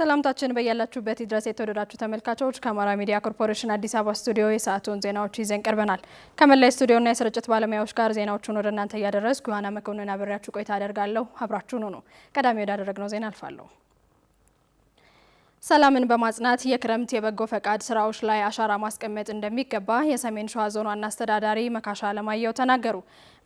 ሰላምታችን በያላችሁበት ድረስ የተወደዳችሁ ተመልካቾች፣ ከአማራ ሚዲያ ኮርፖሬሽን አዲስ አበባ ስቱዲዮ የሰዓቱን ዜናዎች ይዘን ቀርበናል። ከመላይ ስቱዲዮና የስርጭት ባለሙያዎች ጋር ዜናዎቹን ወደ እናንተ እያደረስኩ ዮሐና መኮንን አብሬያችሁ ቆይታ አደርጋለሁ። አብራችሁን ሁኑ። ቀዳሚ ወዳደረግነው ዜና አልፋለሁ። ሰላምን በማጽናት የክረምት የበጎ ፈቃድ ስራዎች ላይ አሻራ ማስቀመጥ እንደሚገባ የሰሜን ሸዋ ዞን ዋና አስተዳዳሪ መካሻ አለማየሁ ተናገሩ።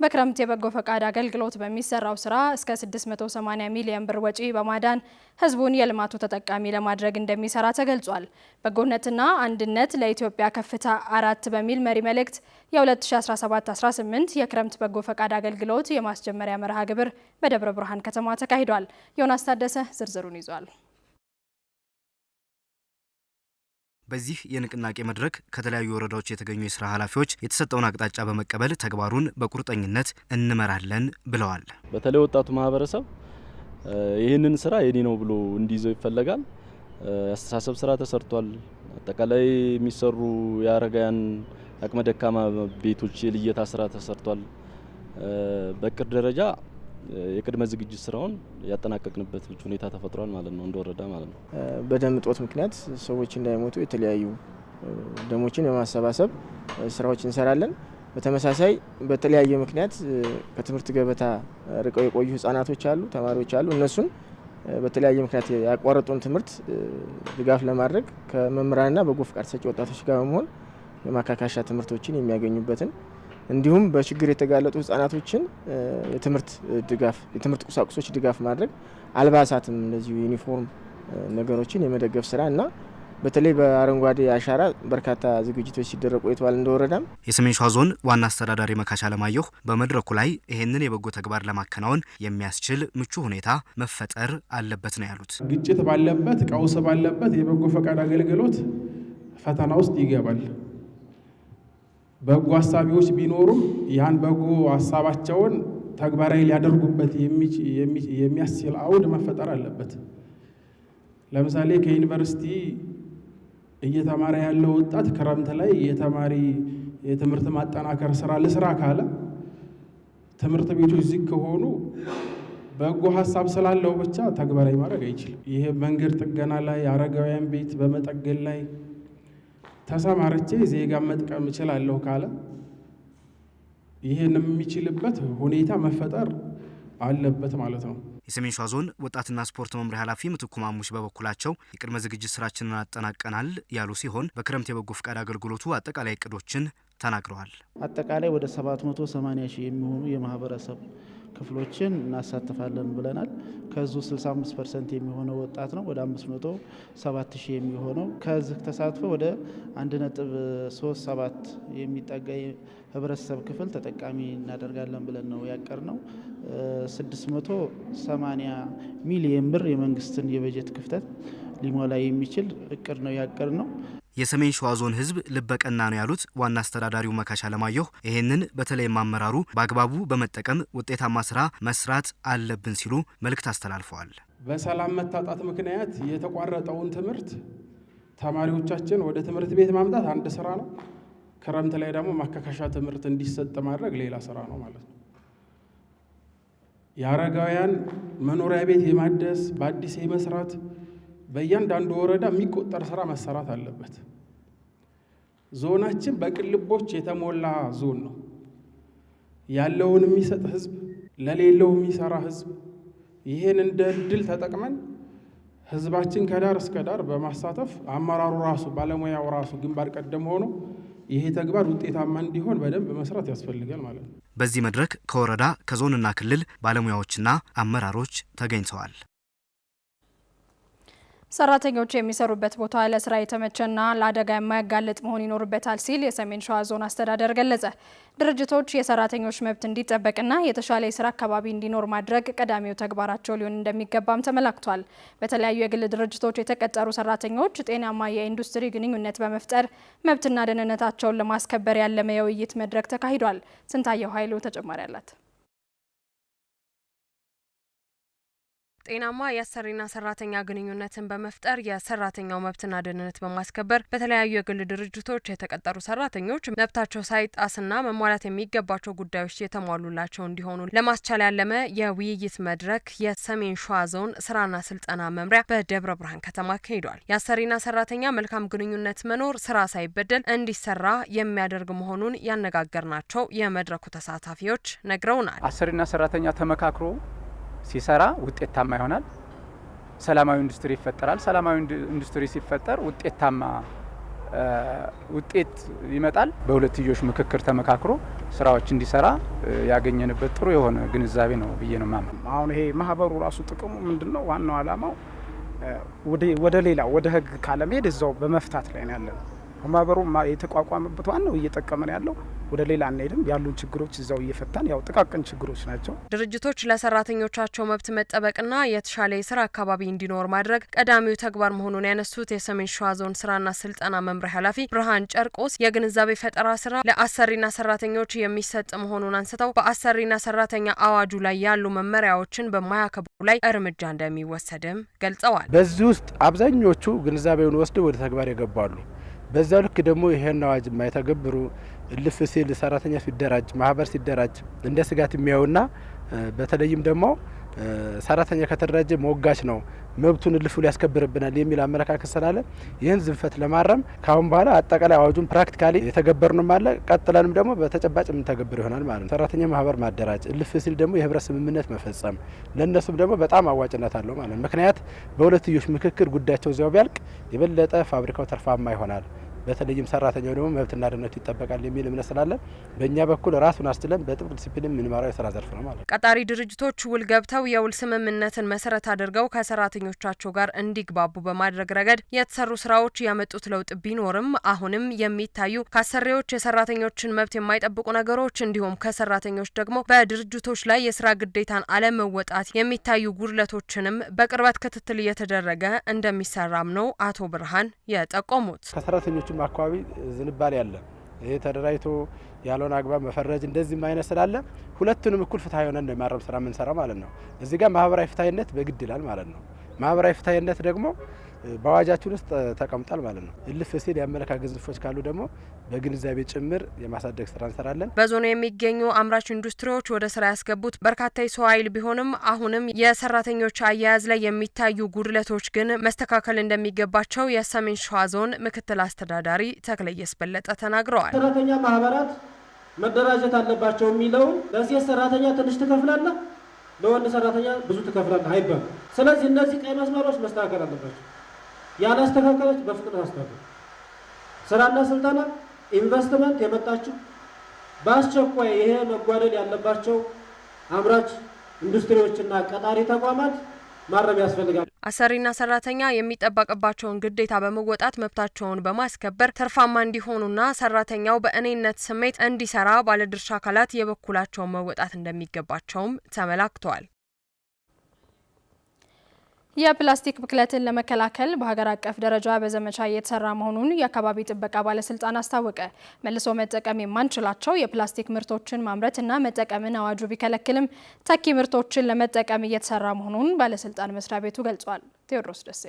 በክረምት የበጎ ፈቃድ አገልግሎት በሚሰራው ስራ እስከ 680 ሚሊዮን ብር ወጪ በማዳን ህዝቡን የልማቱ ተጠቃሚ ለማድረግ እንደሚሰራ ተገልጿል። በጎነትና አንድነት ለኢትዮጵያ ከፍታ አራት በሚል መሪ መልእክት የ2017/18 የክረምት በጎ ፈቃድ አገልግሎት የማስጀመሪያ መርሃ ግብር በደብረ ብርሃን ከተማ ተካሂዷል። ዮናስ ታደሰ ዝርዝሩን ይዟል። በዚህ የንቅናቄ መድረክ ከተለያዩ ወረዳዎች የተገኙ የስራ ኃላፊዎች የተሰጠውን አቅጣጫ በመቀበል ተግባሩን በቁርጠኝነት እንመራለን ብለዋል። በተለይ ወጣቱ ማህበረሰብ ይህንን ስራ የኔ ነው ብሎ እንዲይዘው ይፈለጋል። የአስተሳሰብ ስራ ተሰርቷል። አጠቃላይ የሚሰሩ የአረጋውያን አቅመ ደካማ ቤቶች የልየታ ስራ ተሰርቷል። በቅር ደረጃ የቅድመ ዝግጅት ስራውን ያጠናቀቅንበት ሁኔታ ተፈጥሯል ማለት ነው፣ እንደወረዳ ማለት ነው። በደም እጦት ምክንያት ሰዎች እንዳይሞቱ የተለያዩ ደሞችን በማሰባሰብ ስራዎች እንሰራለን። በተመሳሳይ በተለያየ ምክንያት ከትምህርት ገበታ ርቀው የቆዩ ህጻናቶች አሉ፣ ተማሪዎች አሉ። እነሱን በተለያየ ምክንያት ያቋረጡን ትምህርት ድጋፍ ለማድረግ ከመምህራንና በጎ ፍቃድ ሰጪ ወጣቶች ጋር በመሆን የማካካሻ ትምህርቶችን የሚያገኙበትን እንዲሁም በችግር የተጋለጡ ህጻናቶችን የትምህርት ድጋፍ የትምህርት ቁሳቁሶች ድጋፍ ማድረግ፣ አልባሳትም እንደዚሁ ዩኒፎርም ነገሮችን የመደገፍ ስራ እና በተለይ በአረንጓዴ አሻራ በርካታ ዝግጅቶች ሲደረጉ ቆይተዋል። እንደወረዳም የሰሜን ሸዋ ዞን ዋና አስተዳዳሪ መካሻ አለማየሁ በመድረኩ ላይ ይህንን የበጎ ተግባር ለማከናወን የሚያስችል ምቹ ሁኔታ መፈጠር አለበት ነው ያሉት። ግጭት ባለበት፣ ቀውስ ባለበት የበጎ ፈቃድ አገልግሎት ፈተና ውስጥ ይገባል። በጎ አሳቢዎች ቢኖሩም ያን በጎ ሀሳባቸውን ተግባራዊ ሊያደርጉበት የሚያስችል አውድ መፈጠር አለበት። ለምሳሌ ከዩኒቨርሲቲ እየተማረ ያለው ወጣት ክረምት ላይ የተማሪ የትምህርት ማጠናከር ስራ ልስራ ካለ ትምህርት ቤቶች ዝግ ከሆኑ በጎ ሀሳብ ስላለው ብቻ ተግባራዊ ማድረግ አይችልም። ይሄ መንገድ ጥገና ላይ፣ አረጋውያን ቤት በመጠገን ላይ ተሰማርቼ ዜጋ መጥቀም እችላለሁ ካለ ይህን የሚችልበት ሁኔታ መፈጠር አለበት ማለት ነው። የሰሜን ሸዋ ዞን ወጣትና ስፖርት መምሪያ ኃላፊ ምትኩ ማሙሽ በበኩላቸው የቅድመ ዝግጅት ስራችንን አጠናቀናል ያሉ ሲሆን በክረምት የበጎ ፍቃድ አገልግሎቱ አጠቃላይ እቅዶችን ተናግረዋል። አጠቃላይ ወደ 780 ሺህ የሚሆኑ የማህበረሰብ ክፍሎችን እናሳትፋለን ብለናል። ከዙ 65 ፐርሰንት የሚሆነው ወጣት ነው። ወደ 507 ሺህ የሚሆነው ከዚህ ተሳትፎ ወደ 1.37 የሚጠጋ ህብረተሰብ ክፍል ተጠቃሚ እናደርጋለን ብለን ነው ያቀርነው። 680 ሚሊየን ብር የመንግስትን የበጀት ክፍተት ሊሞላ የሚችል እቅድ ነው ያቀርነው። የሰሜን ሸዋ ዞን ህዝብ ልበቀና ነው ያሉት ዋና አስተዳዳሪው መካሻ ለማየሁ ይህንን በተለይም ማመራሩ በአግባቡ በመጠቀም ውጤታማ ስራ መስራት አለብን ሲሉ መልእክት አስተላልፈዋል። በሰላም መታጣት ምክንያት የተቋረጠውን ትምህርት ተማሪዎቻችን ወደ ትምህርት ቤት ማምጣት አንድ ስራ ነው። ክረምት ላይ ደግሞ ማካካሻ ትምህርት እንዲሰጥ ማድረግ ሌላ ስራ ነው ማለት ነው። የአረጋውያን መኖሪያ ቤት የማደስ በአዲስ የመስራት በእያንዳንዱ ወረዳ የሚቆጠር ስራ መሰራት አለበት። ዞናችን በቅልቦች የተሞላ ዞን ነው። ያለውን የሚሰጥ ህዝብ፣ ለሌለው የሚሰራ ህዝብ፣ ይህን እንደ እድል ተጠቅመን ህዝባችን ከዳር እስከ ዳር በማሳተፍ አመራሩ ራሱ ባለሙያው ራሱ ግንባር ቀደም ሆኖ ይሄ ተግባር ውጤታማ እንዲሆን በደንብ መስራት ያስፈልጋል ማለት ነው። በዚህ መድረክ ከወረዳ ከዞንና ክልል ባለሙያዎችና አመራሮች ተገኝተዋል። ሰራተኞች የሚሰሩበት ቦታ ለስራ የተመቸና ለአደጋ የማያጋልጥ መሆን ይኖርበታል ሲል የሰሜን ሸዋ ዞን አስተዳደር ገለጸ። ድርጅቶች የሰራተኞች መብት እንዲጠበቅና የተሻለ የስራ አካባቢ እንዲኖር ማድረግ ቀዳሚው ተግባራቸው ሊሆን እንደሚገባም ተመላክቷል። በተለያዩ የግል ድርጅቶች የተቀጠሩ ሰራተኞች ጤናማ የኢንዱስትሪ ግንኙነት በመፍጠር መብትና ደህንነታቸውን ለማስከበር ያለመ የውይይት መድረክ ተካሂዷል። ስንታየው ኃይሉ ተጨማሪ አላት። ጤናማ የአሰሪና ሰራተኛ ግንኙነትን በመፍጠር የሰራተኛው መብትና ደህንነት በማስከበር በተለያዩ የግል ድርጅቶች የተቀጠሩ ሰራተኞች መብታቸው ሳይጣስና መሟላት የሚገባቸው ጉዳዮች የተሟሉላቸው እንዲሆኑ ለማስቻል ያለመ የውይይት መድረክ የሰሜን ሸዋ ዞን ስራና ስልጠና መምሪያ በደብረ ብርሃን ከተማ አካሂዷል። የአሰሪና ሰራተኛ መልካም ግንኙነት መኖር ስራ ሳይበደል እንዲሰራ የሚያደርግ መሆኑን ያነጋገርናቸው የመድረኩ ተሳታፊዎች ነግረውናል። አሰሪና ሰራተኛ ተመካክሮ ሲሰራ ውጤታማ ይሆናል። ሰላማዊ ኢንዱስትሪ ይፈጠራል። ሰላማዊ ኢንዱስትሪ ሲፈጠር ውጤታማ ውጤት ይመጣል። በሁለትዮሽ ምክክር ተመካክሮ ስራዎች እንዲሰራ ያገኘንበት ጥሩ የሆነ ግንዛቤ ነው ብዬ ነው ማምን። አሁን ይሄ ማህበሩ ራሱ ጥቅሙ ምንድን ነው? ዋናው አላማው ወደ ሌላ ወደ ህግ ካለመሄድ እዛው በመፍታት ላይ ነው ያለነው። ማህበሩ የተቋቋመበት ዋናው እየጠቀመን ያለው ወደ ሌላ አንሄድም። ያሉን ችግሮች እዛው እየፈታን ያው ጥቃቅን ችግሮች ናቸው። ድርጅቶች ለሰራተኞቻቸው መብት መጠበቅና የተሻለ የስራ አካባቢ እንዲኖር ማድረግ ቀዳሚው ተግባር መሆኑን ያነሱት የሰሜን ሸዋ ዞን ስራና ስልጠና መምሪያ ኃላፊ ብርሃን ጨርቆስ የግንዛቤ ፈጠራ ስራ ለአሰሪና ሰራተኞች የሚሰጥ መሆኑን አንስተው በአሰሪና ሰራተኛ አዋጁ ላይ ያሉ መመሪያዎችን በማያከብሩ ላይ እርምጃ እንደሚወሰድም ገልጸዋል። በዚህ ውስጥ አብዛኞቹ ግንዛቤውን ወስደው ወደ ተግባር ይገባሉ። በዛ ልክ ደግሞ ይሄን አዋጅ የማይተገብሩ እልፍ ሲል ሰራተኛ ሲደራጅ ማህበር ሲደራጅ እንደ ስጋት የሚያዩና በተለይም ደግሞ ሰራተኛ ከተደራጀ ሞጋች ነው መብቱን እልፉ ሊያስከብርብናል የሚል አመለካከት ስላለ ይህን ዝንፈት ለማረም ካሁን በኋላ አጠቃላይ አዋጁን ፕራክቲካሊ የተገበርንም አለ ቀጥለንም ደግሞ በተጨባጭ የምንተገብር ይሆናል ማለት ነው። ሰራተኛ ማህበር ማደራጅ እልፍ ሲል ደግሞ የህብረት ስምምነት መፈጸም ለእነሱም ደግሞ በጣም አዋጭነት አለው ማለት ነው። ምክንያት በሁለትዮሽ ምክክር ጉዳያቸው እዚያው ቢያልቅ የበለጠ ፋብሪካው ተርፋማ ይሆናል። በተለይም ሰራተኛው ደግሞ መብትና ደህንነቱ ይጠበቃል የሚል እምነት ስላለን በእኛ በኩል ራሱን አስችለን በጥብቅ ዲሲፕሊን የምንመራው የስራ ዘርፍ ነው ማለት ነው። ቀጣሪ ድርጅቶች ውል ገብተው የውል ስምምነትን መሰረት አድርገው ከሰራተኞቻቸው ጋር እንዲግባቡ በማድረግ ረገድ የተሰሩ ስራዎች ያመጡት ለውጥ ቢኖርም አሁንም የሚታዩ ከአሰሪዎች የሰራተኞችን መብት የማይጠብቁ ነገሮች እንዲሁም ከሰራተኞች ደግሞ በድርጅቶች ላይ የስራ ግዴታን አለመወጣት የሚታዩ ጉድለቶችንም በቅርበት ክትትል እየተደረገ እንደሚሰራም ነው አቶ ብርሃን የጠቆሙት። ሌሎችም አካባቢ ዝንባሌ አለ። ይሄ ተደራጅቶ ያለውን አግባብ መፈረጅ እንደዚህ አይነት ስላለ ሁለቱንም እኩል ፍትሀ የሆነ ነው የማረም ስራ የምንሰራ ማለት ነው። እዚህ ጋር ማህበራዊ ፍትሀይነት በግድ ይላል ማለት ነው። ማህበራዊ ፍትሀይነት ደግሞ በአዋጃችን ውስጥ ተቀምጧል ማለት ነው። እልፍ ሲል የአመለካከት ግዝፎች ካሉ ደግሞ በግንዛቤ ጭምር የማሳደግ ስራ እንሰራለን። በዞኑ የሚገኙ አምራች ኢንዱስትሪዎች ወደ ስራ ያስገቡት በርካታ የሰው ኃይል ቢሆንም አሁንም የሰራተኞች አያያዝ ላይ የሚታዩ ጉድለቶች ግን መስተካከል እንደሚገባቸው የሰሜን ሸዋ ዞን ምክትል አስተዳዳሪ ተክለየስ በለጠ ተናግረዋል። ሰራተኛ ማህበራት መደራጀት አለባቸው የሚለውን ለሴት ሰራተኛ ትንሽ ትከፍላለህ፣ ለወንድ ሰራተኛ ብዙ ትከፍላለህ አይባልም። ስለዚህ እነዚህ ቀይ መስመሮች መስተካከል አለባቸው። ያላስተካከለች በፍቅር አስተካክል። ስራና ስልጠና ኢንቨስትመንት የመጣችው በአስቸኳይ ይሄ መጓደል ያለባቸው አምራች ኢንዱስትሪዎችና ቀጣሪ ተቋማት ማረም ያስፈልጋል። አሰሪና ሰራተኛ የሚጠበቅባቸውን ግዴታ በመወጣት መብታቸውን በማስከበር ትርፋማ እንዲሆኑና ሰራተኛው በእኔነት ስሜት እንዲሰራ ባለድርሻ አካላት የበኩላቸውን መወጣት እንደሚገባቸውም ተመላክተዋል። የፕላስቲክ ብክለትን ለመከላከል በሀገር አቀፍ ደረጃ በዘመቻ እየተሰራ መሆኑን የአካባቢ ጥበቃ ባለስልጣን አስታወቀ። መልሶ መጠቀም የማንችላቸው የፕላስቲክ ምርቶችን ማምረትና መጠቀምን አዋጁ ቢከለክልም ተኪ ምርቶችን ለመጠቀም እየተሰራ መሆኑን ባለስልጣን መስሪያ ቤቱ ገልጿል። ቴዎድሮስ ደሴ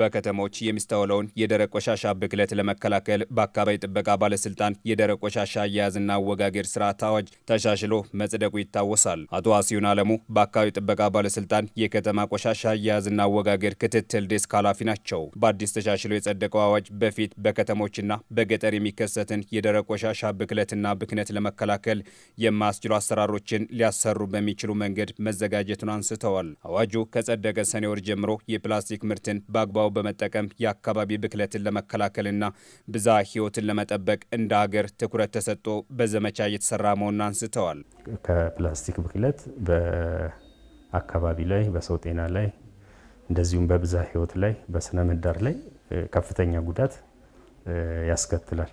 በከተሞች የሚስተዋለውን የደረቅ ቆሻሻ ብክለት ለመከላከል በአካባቢ ጥበቃ ባለስልጣን የደረቅ ቆሻሻ አያያዝና አወጋገድ ስርዓት አዋጅ ተሻሽሎ መጽደቁ ይታወሳል። አቶ አስዩን አለሙ በአካባቢ ጥበቃ ባለስልጣን የከተማ ቆሻሻ አያያዝና አወጋገድ ክትትል ዴስክ ኃላፊ ናቸው። በአዲስ ተሻሽሎ የጸደቀው አዋጅ በፊት በከተሞችና በገጠር የሚከሰትን የደረቅ ቆሻሻ ብክለትና ብክነት ለመከላከል የማያስችሉ አሰራሮችን ሊያሰሩ በሚችሉ መንገድ መዘጋጀቱን አንስተዋል። አዋጁ ከጸደቀ ሰኔ ወር ጀምሮ የፕላስቲክ ምርትን በአግባ በአግባቡ በመጠቀም የአካባቢ ብክለትን ለመከላከልና ብዝሃ ሕይወትን ለመጠበቅ እንደ ሀገር ትኩረት ተሰጥቶ በዘመቻ እየተሰራ መሆኑን አንስተዋል። ከፕላስቲክ ብክለት በአካባቢ ላይ፣ በሰው ጤና ላይ እንደዚሁም በብዝሃ ሕይወት ላይ፣ በስነ ምህዳር ላይ ከፍተኛ ጉዳት ያስከትላል።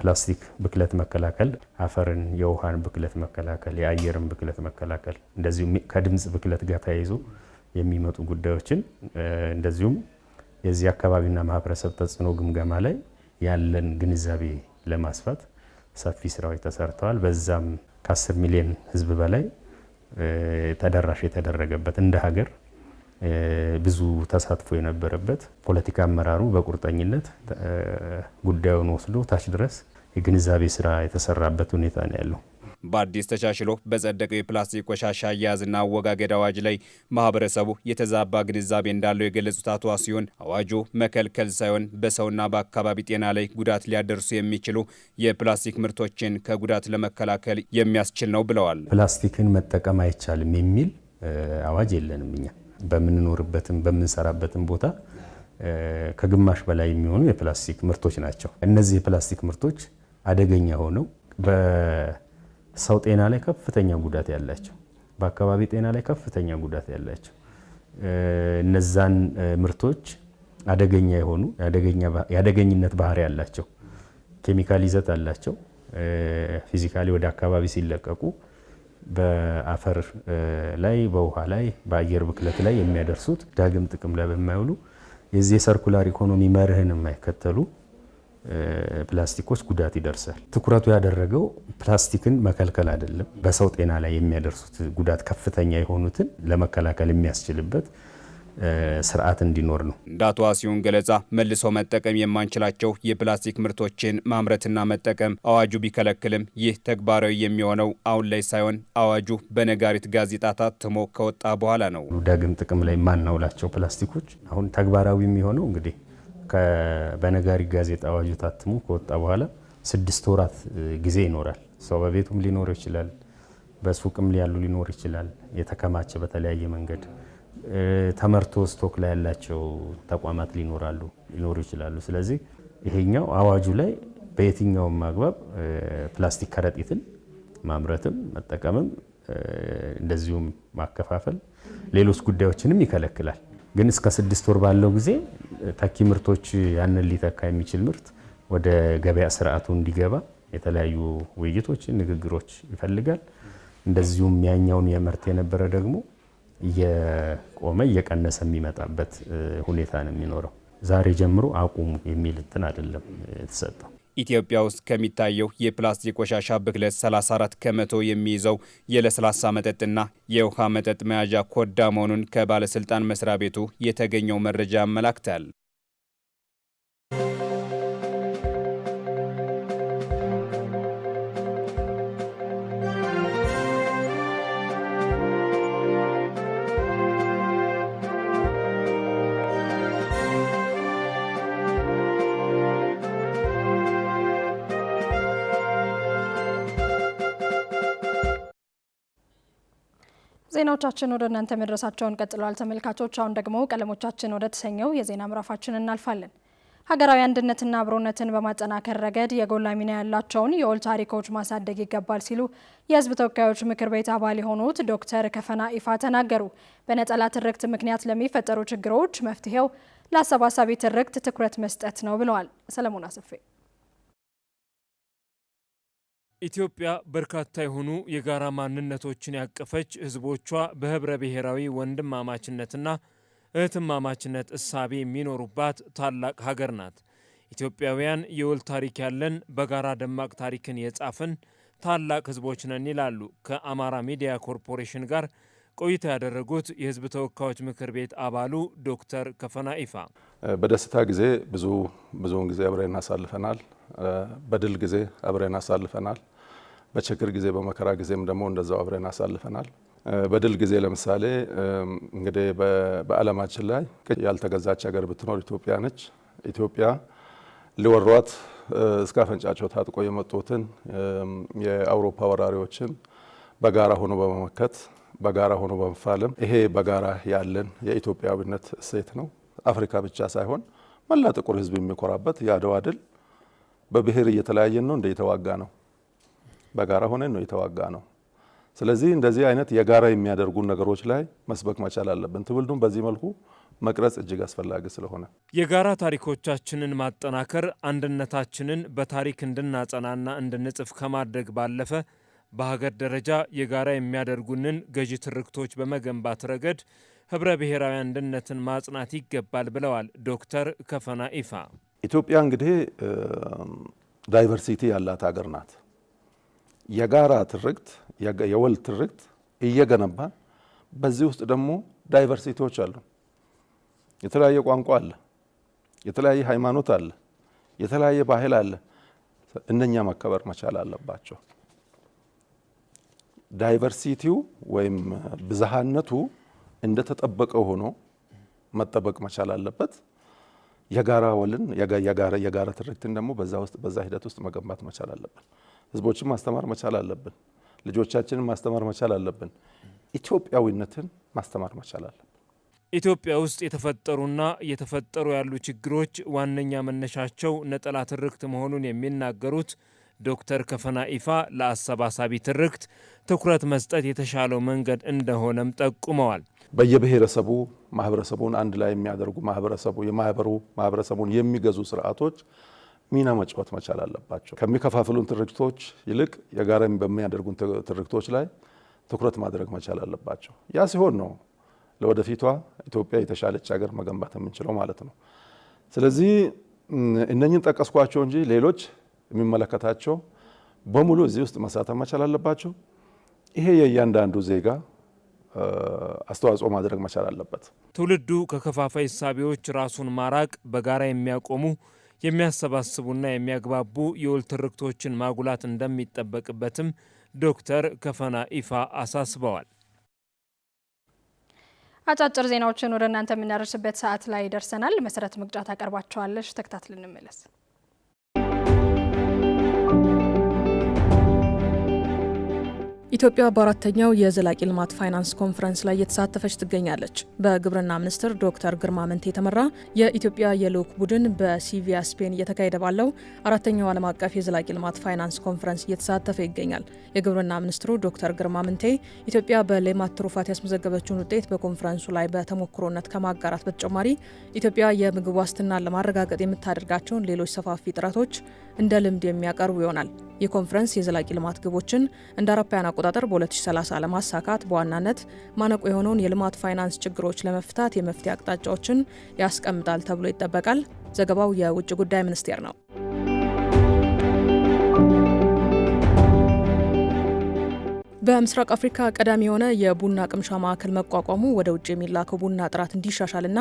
ፕላስቲክ ብክለት መከላከል አፈርን፣ የውሃን ብክለት መከላከል፣ የአየርን ብክለት መከላከል እንደዚሁም ከድምፅ ብክለት ጋር ተያይዞ የሚመጡ ጉዳዮችን እንደዚሁም የዚህ አካባቢና ማህበረሰብ ተጽዕኖ ግምገማ ላይ ያለን ግንዛቤ ለማስፋት ሰፊ ስራዎች ተሰርተዋል። በዛም ከ10 ሚሊዮን ህዝብ በላይ ተደራሽ የተደረገበት እንደ ሀገር ብዙ ተሳትፎ የነበረበት ፖለቲካ አመራሩ በቁርጠኝነት ጉዳዩን ወስዶ ታች ድረስ የግንዛቤ ስራ የተሰራበት ሁኔታ ነው ያለው። በአዲስ ተሻሽሎ በጸደቀው የፕላስቲክ ቆሻሻ አያያዝና አወጋገድ አዋጅ ላይ ማህበረሰቡ የተዛባ ግንዛቤ እንዳለው የገለጹት አቶ ሲሆን አዋጁ መከልከል ሳይሆን በሰውና በአካባቢ ጤና ላይ ጉዳት ሊያደርሱ የሚችሉ የፕላስቲክ ምርቶችን ከጉዳት ለመከላከል የሚያስችል ነው ብለዋል። ፕላስቲክን መጠቀም አይቻልም የሚል አዋጅ የለንም። እኛ በምንኖርበትም በምንሰራበትም ቦታ ከግማሽ በላይ የሚሆኑ የፕላስቲክ ምርቶች ናቸው። እነዚህ የፕላስቲክ ምርቶች አደገኛ ሆነው ሰው ጤና ላይ ከፍተኛ ጉዳት ያላቸው፣ በአካባቢ ጤና ላይ ከፍተኛ ጉዳት ያላቸው እነዛን ምርቶች አደገኛ የሆኑ የአደገኝነት ባህሪ ያላቸው ኬሚካል ይዘት አላቸው። ፊዚካሊ ወደ አካባቢ ሲለቀቁ በአፈር ላይ፣ በውሃ ላይ፣ በአየር ብክለት ላይ የሚያደርሱት ዳግም ጥቅም ላይ በማይውሉ የዚህ የሰርኩላር ኢኮኖሚ መርህን የማይከተሉ ፕላስቲኮች ጉዳት ይደርሳል። ትኩረቱ ያደረገው ፕላስቲክን መከልከል አይደለም፣ በሰው ጤና ላይ የሚያደርሱት ጉዳት ከፍተኛ የሆኑትን ለመከላከል የሚያስችልበት ስርዓት እንዲኖር ነው። እንደ አቶ ገለጻ መልሶ መጠቀም የማንችላቸው የፕላስቲክ ምርቶችን ማምረትና መጠቀም አዋጁ ቢከለክልም ይህ ተግባራዊ የሚሆነው አሁን ላይ ሳይሆን አዋጁ በነጋሪት ጋዜጣ ታትሞ ከወጣ በኋላ ነው። ዳግም ጥቅም ላይ ማናውላቸው ፕላስቲኮች አሁን ተግባራዊ የሚሆነው እንግዲህ በነጋሪ ጋዜጣ አዋጁ ታትሞ ከወጣ በኋላ ስድስት ወራት ጊዜ ይኖራል። ሰው በቤቱም ሊኖር ይችላል፣ በሱቅም ያሉ ሊኖር ይችላል። የተከማቸ በተለያየ መንገድ ተመርቶ ስቶክ ላይ ያላቸው ተቋማት ሊኖራሉ ሊኖሩ ይችላሉ። ስለዚህ ይሄኛው አዋጁ ላይ በየትኛውም አግባብ ፕላስቲክ ከረጢትን ማምረትም መጠቀምም እንደዚሁም ማከፋፈል ሌሎች ጉዳዮችንም ይከለክላል። ግን እስከ ስድስት ወር ባለው ጊዜ ተኪ ምርቶች ያንን ሊተካ የሚችል ምርት ወደ ገበያ ስርዓቱ እንዲገባ የተለያዩ ውይይቶች ንግግሮች ይፈልጋል። እንደዚሁም ያኛውን የምርት የነበረ ደግሞ እየቆመ እየቀነሰ የሚመጣበት ሁኔታ ነው የሚኖረው። ዛሬ ጀምሮ አቁሙ የሚል እንትን አይደለም የተሰጠው። ኢትዮጵያ ውስጥ ከሚታየው የፕላስቲክ ቆሻሻ ብክለት 34 ከመቶ የሚይዘው የለስላሳ መጠጥና የውሃ መጠጥ መያዣ ኮዳ መሆኑን ከባለስልጣን መስሪያ ቤቱ የተገኘው መረጃ ያመላክታል። ዜናዎቻችን ወደ እናንተ መድረሳቸውን ቀጥለዋል ተመልካቾች። አሁን ደግሞ ቀለሞቻችን ወደ ተሰኘው የዜና ምዕራፋችን እናልፋለን። ሀገራዊ አንድነትና አብሮነትን በማጠናከር ረገድ የጎላ ሚና ያላቸውን የወል ታሪኮች ማሳደግ ይገባል ሲሉ የሕዝብ ተወካዮች ምክር ቤት አባል የሆኑት ዶክተር ከፈና ኢፋ ተናገሩ። በነጠላ ትርክት ምክንያት ለሚፈጠሩ ችግሮች መፍትሄው ለአሰባሳቢ ትርክት ትኩረት መስጠት ነው ብለዋል። ሰለሞን አሰፌ ኢትዮጵያ በርካታ የሆኑ የጋራ ማንነቶችን ያቀፈች ህዝቦቿ በህብረ ብሔራዊ ወንድማማችነትና እህትማማችነት እሳቤ የሚኖሩባት ታላቅ ሀገር ናት። ኢትዮጵያውያን የወል ታሪክ ያለን በጋራ ደማቅ ታሪክን የጻፍን ታላቅ ህዝቦች ነን ይላሉ ከአማራ ሚዲያ ኮርፖሬሽን ጋር ቆይታ ያደረጉት የህዝብ ተወካዮች ምክር ቤት አባሉ ዶክተር ከፈና ኢፋ በደስታ ጊዜ ብዙ ብዙውን ጊዜ አብረን አሳልፈናል። በድል ጊዜ አብረን አሳልፈናል። በችግር ጊዜ በመከራ ጊዜም ደግሞ እንደዛው አብረን አሳልፈናል። በድል ጊዜ ለምሳሌ እንግዲህ በዓለማችን ላይ ያልተገዛች ሀገር ብትኖር ኢትዮጵያ ነች። ኢትዮጵያ ሊወሯት እስከ አፈንጫቸው ታጥቆ የመጡትን የአውሮፓ ወራሪዎችን በጋራ ሆኖ በመመከት በጋራ ሆኖ በመፋለም ይሄ በጋራ ያለን የኢትዮጵያዊነት እሴት ነው። አፍሪካ ብቻ ሳይሆን መላ ጥቁር ሕዝብ የሚኮራበት የአድዋ ድል በብሔር እየተለያየን ነው እንደ የተዋጋ ነው፣ በጋራ ሆነን ነው የተዋጋ ነው። ስለዚህ እንደዚህ አይነት የጋራ የሚያደርጉ ነገሮች ላይ መስበክ መቻል አለብን። ትውልዱን በዚህ መልኩ መቅረጽ እጅግ አስፈላጊ ስለሆነ የጋራ ታሪኮቻችንን ማጠናከር አንድነታችንን በታሪክ እንድናጸናና እንድንጽፍ ከማድረግ ባለፈ በሀገር ደረጃ የጋራ የሚያደርጉንን ገዢ ትርክቶች በመገንባት ረገድ ህብረ ብሔራዊ አንድነትን ማጽናት ይገባል ብለዋል ዶክተር ከፈና ኢፋ። ኢትዮጵያ እንግዲህ ዳይቨርሲቲ ያላት ሀገር ናት። የጋራ ትርክት የወል ትርክት እየገነባ በዚህ ውስጥ ደግሞ ዳይቨርሲቲዎች አሉ። የተለያየ ቋንቋ አለ፣ የተለያየ ሃይማኖት አለ፣ የተለያየ ባህል አለ። እነኛ መከበር መቻል አለባቸው። ዳይቨርሲቲው ወይም ብዝሃነቱ እንደተጠበቀ ሆኖ መጠበቅ መቻል አለበት። የጋራ ወልን የጋራ ትርክትን ደግሞ በዛ ውስጥ በዛ ሂደት ውስጥ መገንባት መቻል አለብን። ህዝቦችን ማስተማር መቻል አለብን። ልጆቻችንን ማስተማር መቻል አለብን። ኢትዮጵያዊነትን ማስተማር መቻል አለብን። ኢትዮጵያ ውስጥ የተፈጠሩና እየተፈጠሩ ያሉ ችግሮች ዋነኛ መነሻቸው ነጠላ ትርክት መሆኑን የሚናገሩት ዶክተር ከፈና ኢፋ ለአሰባሳቢ ትርክት ትኩረት መስጠት የተሻለው መንገድ እንደሆነም ጠቁመዋል። በየብሔረሰቡ ማህበረሰቡን አንድ ላይ የሚያደርጉ ማህበረሰቡ የማህበሩ ማህበረሰቡን የሚገዙ ስርዓቶች ሚና መጫወት መቻል አለባቸው። ከሚከፋፍሉን ትርክቶች ይልቅ የጋራ በሚያደርጉን ትርክቶች ላይ ትኩረት ማድረግ መቻል አለባቸው። ያ ሲሆን ነው ለወደፊቷ ኢትዮጵያ የተሻለች ሀገር መገንባት የምንችለው ማለት ነው። ስለዚህ እነኝን ጠቀስኳቸው እንጂ ሌሎች የሚመለከታቸው በሙሉ እዚህ ውስጥ መሳተፍ መቻል አለባቸው። ይሄ የእያንዳንዱ ዜጋ አስተዋጽኦ ማድረግ መቻል አለበት። ትውልዱ ከከፋፋይ እሳቤዎች ራሱን ማራቅ፣ በጋራ የሚያቆሙ የሚያሰባስቡና የሚያግባቡ የወል ትርክቶችን ማጉላት እንደሚጠበቅበትም ዶክተር ከፈና ኢፋ አሳስበዋል። አጫጭር ዜናዎችን ወደ እናንተ የምናደርስበት ሰዓት ላይ ደርሰናል። መሰረት መግጫ አቀርባቸዋለች ተከታትለን እንመለስ። ኢትዮጵያ በአራተኛው የዘላቂ ልማት ፋይናንስ ኮንፈረንስ ላይ እየተሳተፈች ትገኛለች። በግብርና ሚኒስትር ዶክተር ግርማ መንቴ የተመራ የኢትዮጵያ የልዑክ ቡድን በሲቪያ ስፔን እየተካሄደ ባለው አራተኛው ዓለም አቀፍ የዘላቂ ልማት ፋይናንስ ኮንፈረንስ እየተሳተፈ ይገኛል። የግብርና ሚኒስትሩ ዶክተር ግርማ መንቴ ኢትዮጵያ በሌማት ትሩፋት ያስመዘገበችውን ውጤት በኮንፈረንሱ ላይ በተሞክሮነት ከማጋራት በተጨማሪ ኢትዮጵያ የምግብ ዋስትናን ለማረጋገጥ የምታደርጋቸውን ሌሎች ሰፋፊ ጥረቶች እንደ ልምድ የሚያቀርቡ ይሆናል። ይህ ኮንፈረንስ የዘላቂ ልማት ግቦችን እንደ አውሮፓውያን አቆጣጠር በ2030 ለማሳካት በዋናነት ማነቆ የሆነውን የልማት ፋይናንስ ችግሮች ለመፍታት የመፍትሄ አቅጣጫዎችን ያስቀምጣል ተብሎ ይጠበቃል። ዘገባው የውጭ ጉዳይ ሚኒስቴር ነው። በምስራቅ አፍሪካ ቀዳሚ የሆነ የቡና ቅምሻ ማዕከል መቋቋሙ ወደ ውጭ የሚላከው ቡና ጥራት እንዲሻሻልና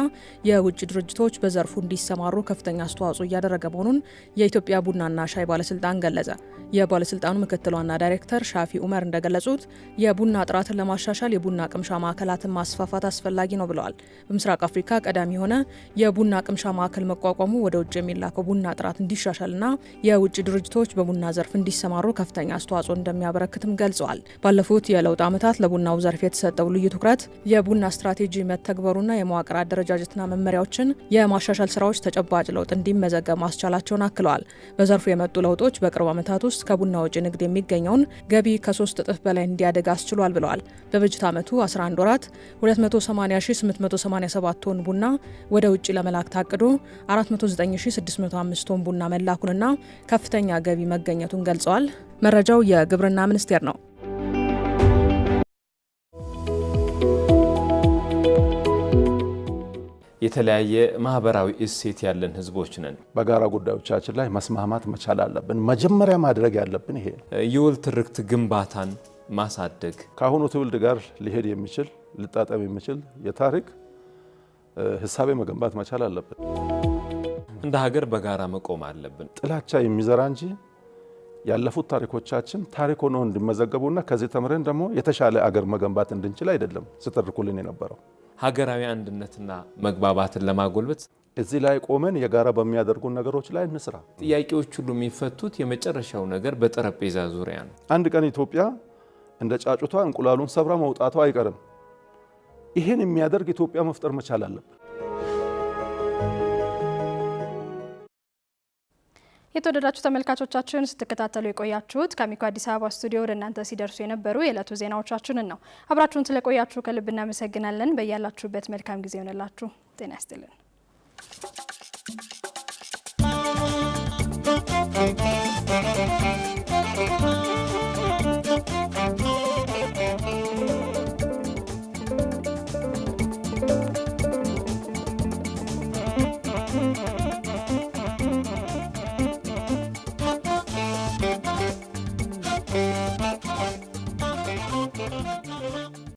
የውጭ ድርጅቶች በዘርፉ እንዲሰማሩ ከፍተኛ አስተዋጽኦ እያደረገ መሆኑን የኢትዮጵያ ቡናና ሻይ ባለስልጣን ገለጸ። የባለስልጣኑ ምክትል ዋና ዳይሬክተር ሻፊ ኡመር እንደገለጹት የቡና ጥራትን ለማሻሻል የቡና ቅምሻ ማዕከላትን ማስፋፋት አስፈላጊ ነው ብለዋል። በምስራቅ አፍሪካ ቀዳሚ የሆነ የቡና ቅምሻ ማዕከል መቋቋሙ ወደ ውጭ የሚላከው ቡና ጥራት እንዲሻሻልና የውጭ ድርጅቶች በቡና ዘርፍ እንዲሰማሩ ከፍተኛ አስተዋጽኦ እንደሚያበረክትም ገልጸዋል። ባለፉት የለውጥ ዓመታት ለቡናው ዘርፍ የተሰጠው ልዩ ትኩረት የቡና ስትራቴጂ መተግበሩና የመዋቅር አደረጃጀትና መመሪያዎችን የማሻሻል ስራዎች ተጨባጭ ለውጥ እንዲመዘገብ ማስቻላቸውን አክለዋል። በዘርፉ የመጡ ለውጦች በቅርብ ዓመታት ውስጥ ከቡና ውጭ ንግድ የሚገኘውን ገቢ ከሶስት እጥፍ በላይ እንዲያደግ አስችሏል ብለዋል። በበጀት ዓመቱ 11 ወራት 280887 ቶን ቡና ወደ ውጭ ለመላክ ታቅዶ 49605 ቶን ቡና መላኩንና ከፍተኛ ገቢ መገኘቱን ገልጸዋል። መረጃው የግብርና ሚኒስቴር ነው። የተለያየ ማህበራዊ እሴት ያለን ህዝቦች ነን። በጋራ ጉዳዮቻችን ላይ መስማማት መቻል አለብን። መጀመሪያ ማድረግ ያለብን ይሄ የወል ትርክት ግንባታን ማሳደግ ከአሁኑ ትውልድ ጋር ሊሄድ የሚችል ሊጣጠም የሚችል የታሪክ ህሳቤ መገንባት መቻል አለብን። እንደ ሀገር በጋራ መቆም አለብን። ጥላቻ የሚዘራ እንጂ ያለፉት ታሪኮቻችን ታሪክ ሆኖ እንዲመዘገቡና ከዚህ ተምረን ደግሞ የተሻለ አገር መገንባት እንድንችል አይደለም ስትርኩልን የነበረው ሀገራዊ አንድነትና መግባባትን ለማጎልበት እዚህ ላይ ቆመን የጋራ በሚያደርጉ ነገሮች ላይ እንስራ። ጥያቄዎች ሁሉ የሚፈቱት የመጨረሻው ነገር በጠረጴዛ ዙሪያ ነው። አንድ ቀን ኢትዮጵያ እንደ ጫጩቷ እንቁላሉን ሰብራ መውጣቷ አይቀርም። ይህን የሚያደርግ ኢትዮጵያ መፍጠር መቻል አለብን። የተወደዳችሁ ተመልካቾቻችን ስትከታተሉ የቆያችሁት ከሚኮ አዲስ አበባ ስቱዲዮ ወደ እናንተ ሲደርሱ የነበሩ የዕለቱ ዜናዎቻችንን ነው። አብራችሁን ስለቆያችሁ ከልብ እናመሰግናለን። በያላችሁበት መልካም ጊዜ ይሆንላችሁ። ጤና ይስጥልን።